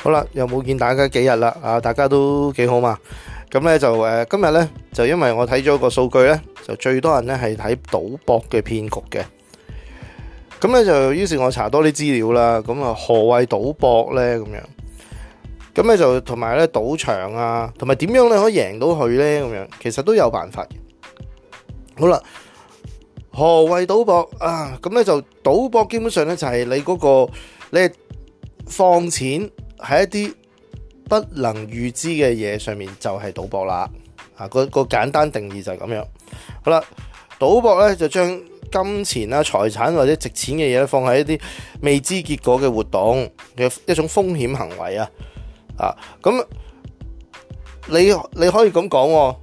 好啦，又冇見大家幾日啦，啊，大家都幾好嘛？咁咧就誒、呃，今日咧就因為我睇咗個數據咧，就最多人咧係睇賭博嘅騙局嘅。咁咧就於是我查多啲資料啦。咁啊，何謂賭博咧？咁樣咁咧就同埋咧賭場啊，同埋點樣你可以贏到佢咧？咁樣其實都有辦法。好啦，何謂賭博啊？咁咧就賭博基本上咧就係你嗰、嗰個你放錢，喺一啲不能預知嘅嘢上面就係賭博啦，啊，個簡單定義就係咁樣。好啦，賭博咧就將金錢啦、財產或者值錢嘅嘢咧放喺一啲未知結果嘅活動嘅一種風險行為啊，啊咁你你，可以咁講啊，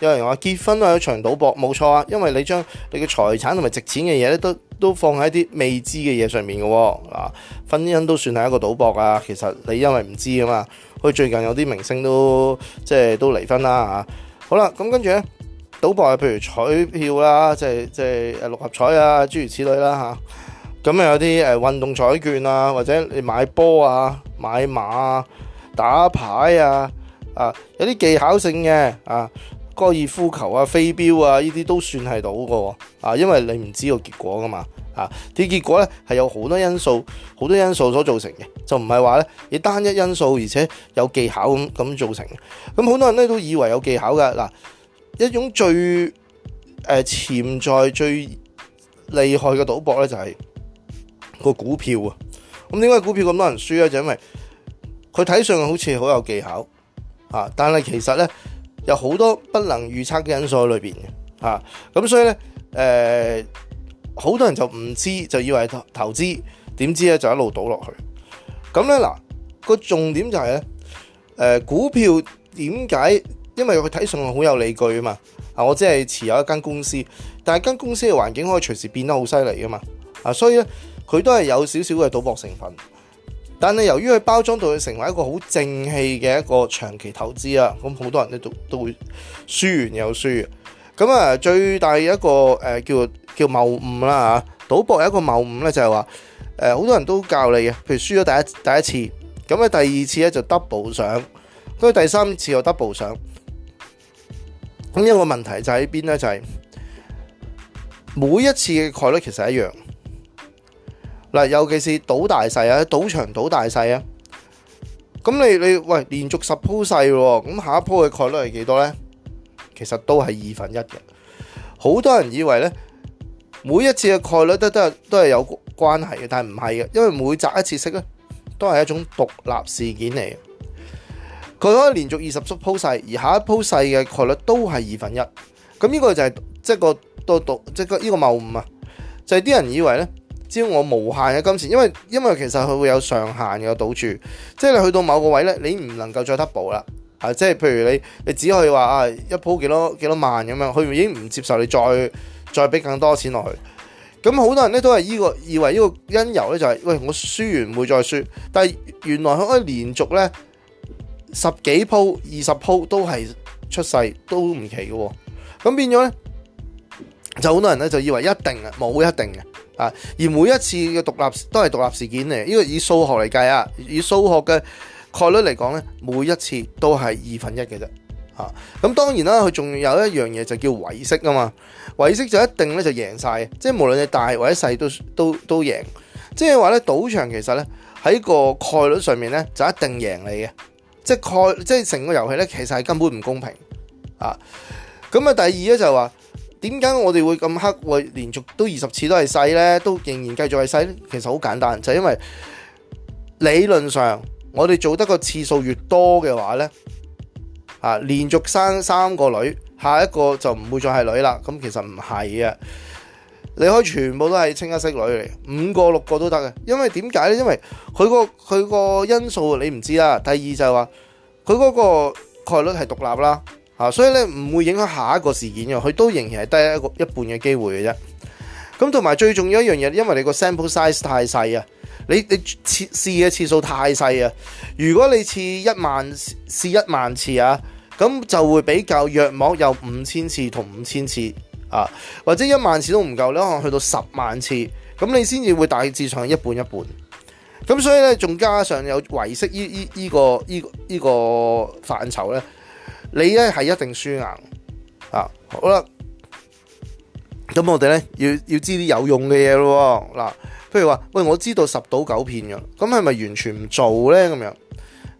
有人話結婚都係一場賭博，冇錯啊，因為你將你嘅財產同埋值錢嘅嘢咧都。都放喺啲未知嘅嘢上面嘅喎，啊，婚姻都算係一個賭博啊。其實你因為唔知啊嘛，佢最近有啲明星都即係都離婚啦嚇、啊。好啦，咁跟住咧，賭博啊，譬如彩票啦，即係即係誒六合彩啊，諸如此類啦、啊、嚇。咁啊有啲誒運動彩券啊，或者你買波啊、買馬、啊、打牌啊，啊有啲技巧性嘅啊。高爾夫球啊、飛鏢啊，呢啲都算係賭嘅，啊，因為你唔知個結果噶嘛，啊，啲結果咧係有好多因素，好多因素所造成嘅，就唔係話咧你單一因素而且有技巧咁咁造成嘅，咁、啊、好多人咧都以為有技巧嘅，嗱、啊，一種最誒潛、呃、在最厲害嘅賭博咧就係、是、個股票啊，咁點解股票咁多人輸咧？就因為佢睇上去好似好有技巧啊，但係其實咧。有好多不能預測嘅因素喺裏邊嘅嚇，咁、啊、所以咧誒，好、呃、多人就唔知就以為投資，點知咧就一路倒落去，咁咧嗱個重點就係咧誒股票點解？因為佢睇上去好有理據啊嘛，啊我只係持有一間公司，但係間公司嘅環境可以隨時變得好犀利啊嘛，啊所以咧佢都係有少少嘅賭博成分。但係由於佢包裝到佢成為一個好正氣嘅一個長期投資啊，咁好多人都都會輸完又輸。咁啊，最大一個誒、呃、叫叫謬誤啦嚇，賭博有一個謬誤咧就係話誒，好、呃、多人都教你嘅，譬如輸咗第一第一次，咁咧第二次咧就 double 上，咁第三次又 double 上。咁一個問題就喺邊咧？就係、是、每一次嘅概率其實一樣。嗱，尤其是賭大細啊，賭場賭大細啊，咁你你喂連續十鋪細喎，咁下一鋪嘅概率係幾多咧？其實都係二分一嘅。好多人以為咧，每一次嘅概率都都都係有關係嘅，但係唔係嘅，因為每擲一次骰咧，都係一種獨立事件嚟。佢可以連續二十出鋪細，而下一鋪細嘅概率都係二分一。咁呢個就係即係個都都即係呢個謬誤啊！就係、是、啲人以為咧。只要我無限嘅金錢，因為因為其實佢會有上限嘅賭注，即係你去到某個位咧，你唔能夠再 double 啦嚇，即係譬如你你只可以話啊一鋪幾多幾多萬咁樣，佢已經唔接受你再再俾更多錢落去。咁好多人咧都係依個以為呢個因由咧就係、是、喂我輸完唔會再輸，但係原來佢可以連續咧十幾鋪、二十鋪都係出世都唔奇嘅。咁變咗咧就好多人咧就以為一定嘅冇一定嘅。啊！而每一次嘅獨立都係獨立事件嚟，呢個以數學嚟計啊，以數學嘅概率嚟講咧，每一次都係二分一嘅啫。啊！咁當然啦，佢仲有一樣嘢就叫圍色啊嘛，圍色就一定咧就贏晒，即係無論你大或者細都都都贏。即係話咧，賭場其實咧喺個概率上面咧就一定贏你嘅，即係概即係成個遊戲咧其實係根本唔公平。啊！咁啊，第二咧就係話。點解我哋會咁黑會連續都二十次都係細呢，都仍然繼續係細呢？其實好簡單，就因為理論上我哋做得個次數越多嘅話呢啊，連續生三個女，下一個就唔會再係女啦。咁其實唔係啊，你可以全部都係清一色女嚟，五個六個都得嘅。因為點解呢？因為佢個佢個因素你唔知啦。第二就係話佢嗰個概率係獨立啦。啊，所以咧，唔會影響下一個事件嘅，佢都仍然係得一個一半嘅機會嘅啫。咁同埋最重要一樣嘢，因為你個 sample size 太細啊，你你試嘅次數太細啊。如果你試一萬次試一萬次啊，咁就會比較約莫有五千次同五千次啊，或者一萬次都唔夠，你可能去到十萬次，咁你先至會大致上一半一半。咁所以咧，仲加上有遺失呢呢個呢個呢個範疇咧。你咧係一定輸硬啊，好啦。咁我哋咧要要知啲有用嘅嘢咯嗱，譬如話，喂，我知道十賭九騙嘅，咁係咪完全唔做咧？咁樣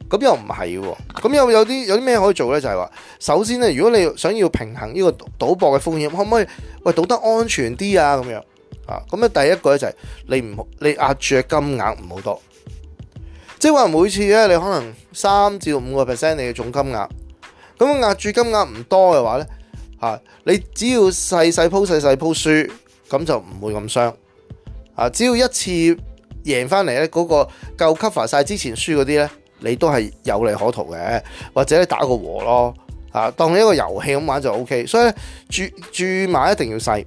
咁又唔係，咁又有啲有啲咩可以做咧？就係話首先咧，如果你想要平衡呢個賭博嘅風險，可唔可以喂賭得安全啲啊？咁樣啊，咁咧第一個咧就係你唔你壓住嘅金額唔好多，即係話每次咧你可能三至五個 percent 你嘅總金額。咁壓住金額唔多嘅話咧，你只要細細鋪細細鋪輸，咁就唔會咁傷。只要一次贏翻嚟咧，嗰、嗰個夠 cover 晒之前輸嗰啲咧，你都係有利可圖嘅，或者你打個和咯，嚇當你一個遊戲咁玩就 OK。所以咧，注注碼一定要細。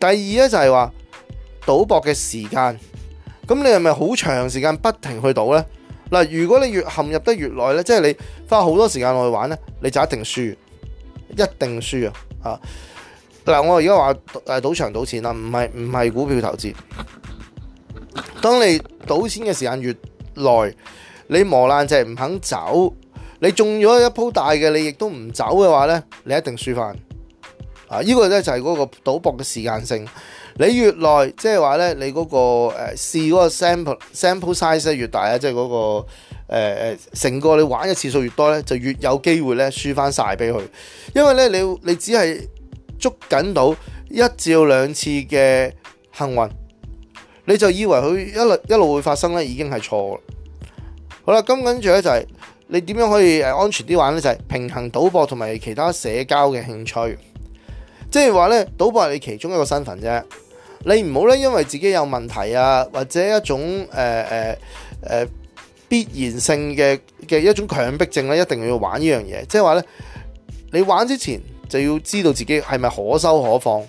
第二咧就係話賭博嘅時間，咁你係咪好長時間不停去賭咧？嗱，如果你越陷入得越耐咧，即係你花好多時間落去玩咧，你就一定輸，一定輸啊！啊，嗱，我而家話誒賭場賭錢啦，唔係唔係股票投資。當你賭錢嘅時間越耐，你磨爛蓆唔肯走，你中咗一鋪大嘅，你亦都唔走嘅話咧，你一定輸翻。啊，呢、呢個咧就係嗰個賭博嘅時間性。你越耐，即係話咧，你嗰個誒試嗰個 sample sample size 越大啊，即係嗰個誒誒成個你玩嘅次數越多咧，就越有機會咧輸翻曬俾佢。因為咧你你只係捉緊到一至兩次嘅幸運，你就以為佢一路一路會發生咧，已經係錯。好啦，咁跟住咧就係你點樣可以誒安全啲玩咧？就係平衡賭博同埋其他社交嘅興趣，即係話咧賭博係你其中一個身份啫。你唔好咧，因為自己有問題啊，或者一種誒誒誒必然性嘅嘅一種強迫症咧，一定要玩呢樣嘢。即係話咧，你玩之前就要知道自己係咪可收可放。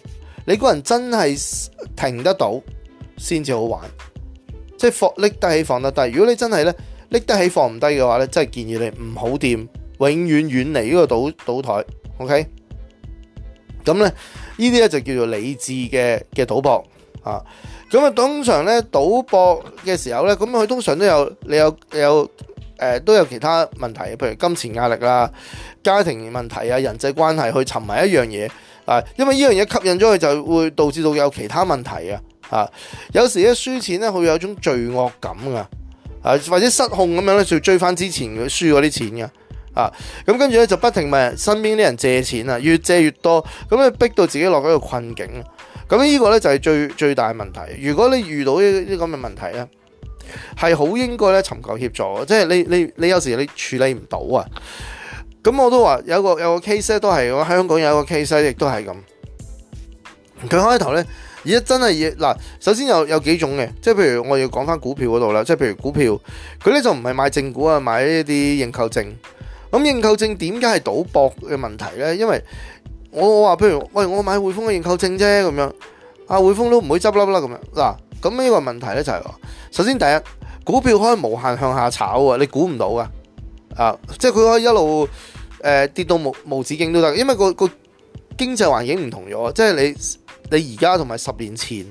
你個人真係停得到先至好玩，即係放拎得起放得低。如果你真係咧拎得起放唔低嘅話咧，真係建議你唔好掂，永遠遠離呢個賭賭台。OK，咁咧。呢啲咧就叫做理智嘅嘅賭博啊！咁啊，通常咧賭博嘅時候咧，咁佢通常都有你有有、呃、都有其他問題，譬如金錢壓力啦、家庭問題啊、人際關係去沉迷一樣嘢啊，因為呢樣嘢吸引咗佢，就會導致到有其他問題啊！啊，有時咧輸錢咧，佢有一種罪惡感噶啊，或者失控咁樣咧，就追返之前佢輸嗰啲錢嘅。啊，咁跟住咧就不停問身邊啲人借錢啊，越借越多，咁你逼到自己落咗一個困境。咁呢個咧就係最最大嘅問題。如果你遇到呢啲咁嘅問題咧，係好應該咧尋求協助。即係你你你有時你處理唔到啊。咁我都話有個有個 case 都係我喺香港有一個 case 亦都係咁。佢開頭咧而家真係嗱，首先有有幾種嘅，即係譬如我要講翻股票嗰度啦，即係譬如股票佢咧就唔係買正股啊，買呢啲認購證。咁認購證點解係賭博嘅問題呢？因為我我話，譬如喂，我買匯豐嘅認購證啫，咁樣，阿匯豐都唔會執笠啦，咁樣。嗱、啊，咁呢個問題呢，就係、是，首先第一，股票可以無限向下炒啊，你估唔到噶，即係佢可以一路、呃、跌到無無止境都得，因為、那個個經濟環境唔同咗，即係你你而家同埋十年前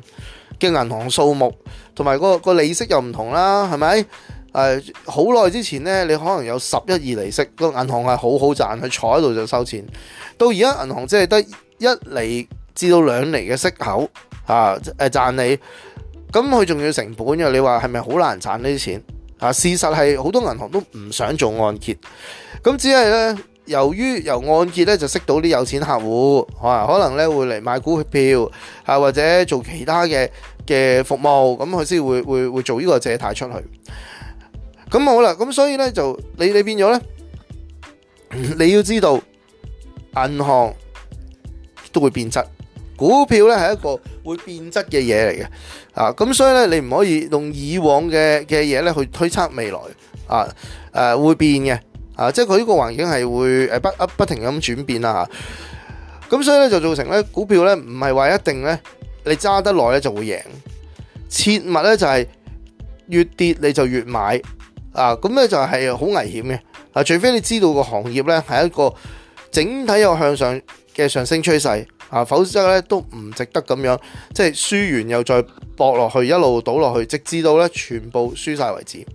嘅銀行數目同埋、那個個利息又唔同啦，係咪？誒好耐之前呢，你可能有十一二厘息，個銀行係好好賺，佢坐喺度就收錢。到而家銀行只係得一厘至到兩厘嘅息口嚇，誒、啊啊、賺你，咁佢仲要成本嘅。你話係咪好難賺呢啲錢啊？事實係好多銀行都唔想做按揭咁，只係呢，由於由按揭呢就識到啲有錢客戶、啊、可能呢會嚟買股票啊，或者做其他嘅嘅服務，咁佢先會會會會做呢個借貸出去。咁好啦，咁所以咧就你你變咗咧， 你要知道銀行都會變質，股票咧係一個會變質嘅嘢嚟嘅。啊咁所以咧你唔可以用以往嘅嘅嘢咧去推測未來，啊誒、啊、會變嘅，啊即係佢呢個環境係會誒不不停咁轉變啦，咁、啊、所以咧就造成咧股票咧唔係話一定咧你揸得耐咧就會贏，切勿咧就係越跌你就越買。啊，咁咧就係好危險嘅，啊，除非你知道個行業咧係一個整體有向上嘅上升趨勢，啊，否則咧都唔值得咁樣，即係輸完又再搏落去，一路倒落去，直至到咧全部輸晒為止。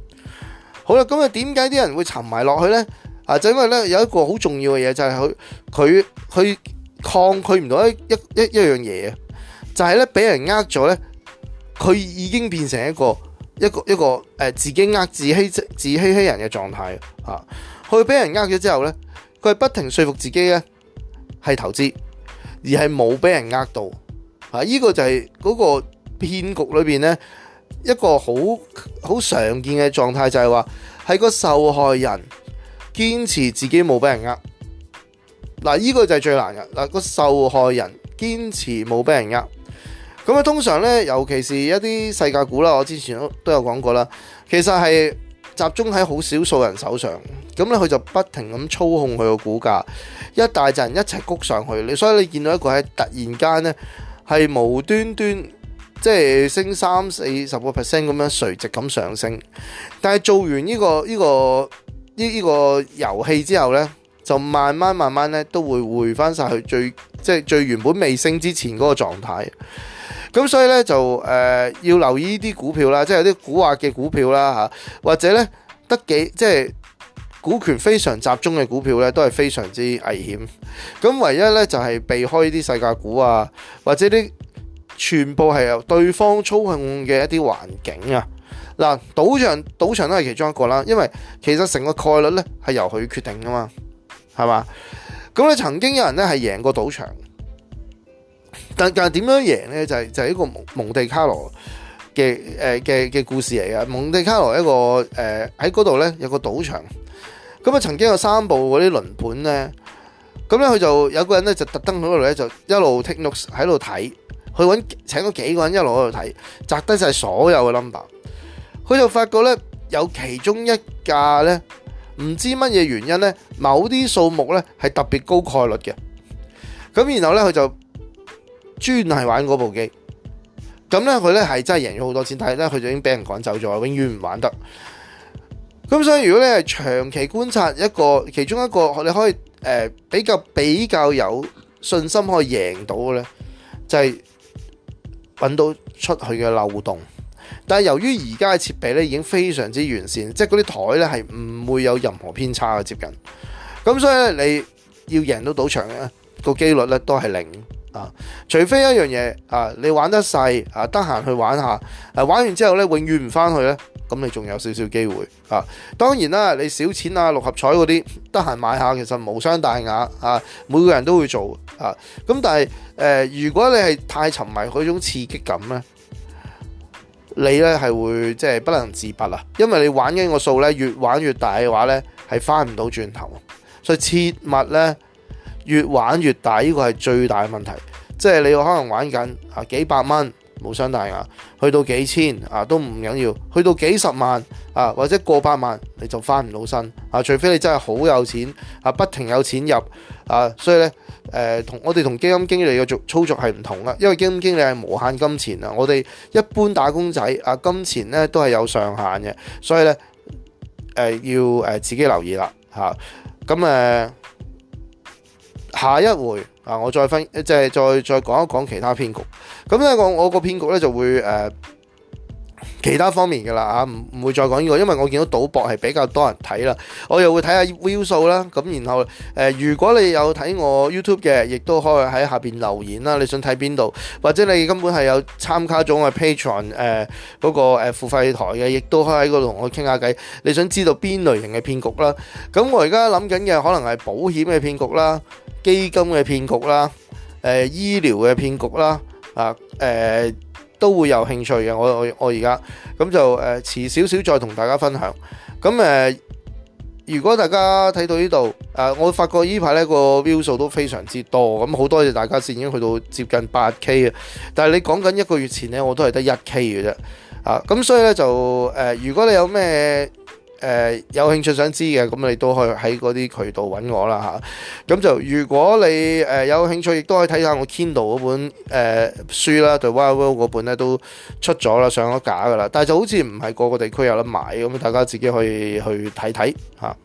好啦，咁啊，點解啲人會沉迷落去咧？啊，就因為咧有一個好重要嘅嘢，就係佢佢佢抗拒唔到一一一一樣嘢，就係咧俾人呃咗咧，佢已經變成一個。一個一個、呃、自己呃自欺自欺欺人嘅狀態啊！佢俾人呃咗之後呢，佢係不停說服自己呢係投資而係冇俾人呃到呢、啊呢個就係嗰個騙局裏面呢，一個好好常見嘅狀態，就係話係個受害人堅持自己冇俾人呃嗱，呢、啊呢個就係最難嘅嗱、啊、個受害人堅持冇俾人呃。咁啊，通常咧，尤其是一啲世界股啦，我之前都都有講過啦。其實係集中喺好少數人手上，咁咧佢就不停咁操控佢個股價，一大陣一齊谷上去，你所以你見到一個喺突然間咧係無端端即係升三四十個 percent 咁樣垂直咁上升，但係做完呢個呢個呢呢個遊戲之後咧，就慢慢慢慢咧都會回翻晒去最即係最原本未升之前嗰個狀態。咁所以咧就、呃、要留意呢啲股票啦，即係有啲古惑嘅股票啦吓，或者咧得幾，即係股權非常集中嘅股票咧，都係非常之危險。咁唯一咧就係、是、避開呢啲世界股啊，或者啲全部係由對方操控嘅一啲環境啊。嗱、啊，賭場賭場都係其中一個啦，因為其實成個概率咧係由佢決定噶嘛，係嘛？咁咧曾經有人咧係贏過賭場。但但係點樣贏咧？就係、是、就係、是、一個蒙，蒙地卡羅嘅誒嘅嘅故事嚟嘅。蒙地卡羅一個誒喺嗰度咧有個賭場咁啊。曾經有三部嗰啲輪盤咧，咁咧佢就有個人咧就特登嗰度咧就一路 take 喺度睇，去揾請咗幾個人一路喺度睇，摘低晒所有嘅 number。佢就發覺咧有其中一架咧唔知乜嘢原因咧，某啲數目咧係特別高概率嘅。咁然後咧佢就。專係玩嗰部機，咁呢，佢呢係真係贏咗好多錢，但係佢就已經俾人趕走咗，永遠唔玩得。咁所以如果你係長期觀察一個，其中一個你可以誒、呃，比較比較有信心可以贏到嘅呢，就係、是、揾到出去嘅漏洞。但係由於而家嘅設備呢已經非常之完善，即係嗰啲台呢係唔會有任何偏差嘅接近。咁所以呢，你要贏到賭場呢、那個幾率呢都係零。啊、除非一樣嘢啊，你玩得細啊，得閒去玩下，誒、啊、玩完之後咧，永遠唔翻去咧，咁你仲有少少機會啊。當然啦，你少錢啊，六合彩嗰啲，得閒買下，其實無傷大雅啊。每個人都會做啊。咁但係誒、呃，如果你係太沉迷嗰種刺激感咧，你咧係會即係、就是、不能自拔啊。因為你玩嘅個數咧越玩越大嘅話咧，係翻唔到轉頭，所以切勿咧。越玩越大，呢個係最大嘅問題。即係你可能玩緊啊幾百蚊冇傷大雅，去到幾千啊都唔緊要，去到幾十萬啊或者過百萬你就翻唔到身啊，除非你真係好有錢啊，不停有錢入啊。所以咧、啊，同我哋同基金經理嘅操作係唔同啦，因為基金經理係無限金錢啊，我哋一般打工仔啊金錢咧都係有上限嘅，所以咧、啊、要、啊、自己留意啦嚇。咁、啊下一回啊，我再分，即係再再講一講其他騙局。咁咧，我我個騙局咧就會誒。呃其他方面嘅啦啊，唔唔會再講呢、這個，因為我見到賭博係比較多人睇啦，我又會睇下 view 數啦。咁然後誒、呃，如果你有睇我 YouTube 嘅，亦都可以喺下邊留言啦。你想睇邊度，或者你根本係有參加咗我 Patreon 誒、呃、嗰、那個、呃、付費台嘅，亦都可以喺嗰度同我傾下偈。你想知道邊類型嘅騙局啦？咁我而家諗緊嘅可能係保險嘅騙局啦、基金嘅騙局啦、誒、呃、醫療嘅騙局啦啊誒。呃呃都會有興趣嘅，我我我而家咁就誒遲少少再同大家分享。咁、呃、如果大家睇到呢度、呃、我發覺依排呢個 view 數都非常之多，咁好多謝大家先已經去到接近八 K，但係你講緊一個月前呢，我都係得一 K 嘅啫。啊，咁所以呢，就、呃、如果你有咩，誒、呃、有興趣想知嘅，咁你都可以喺嗰啲渠道揾我啦嚇。咁、啊、就如果你、呃、有興趣，亦都可以睇下我 Kindle 嗰本誒、呃、書啦，對 Why World 嗰本咧都出咗啦，上咗架噶啦。但係就好似唔係個個地區有得買，咁大家自己可以去睇睇嚇。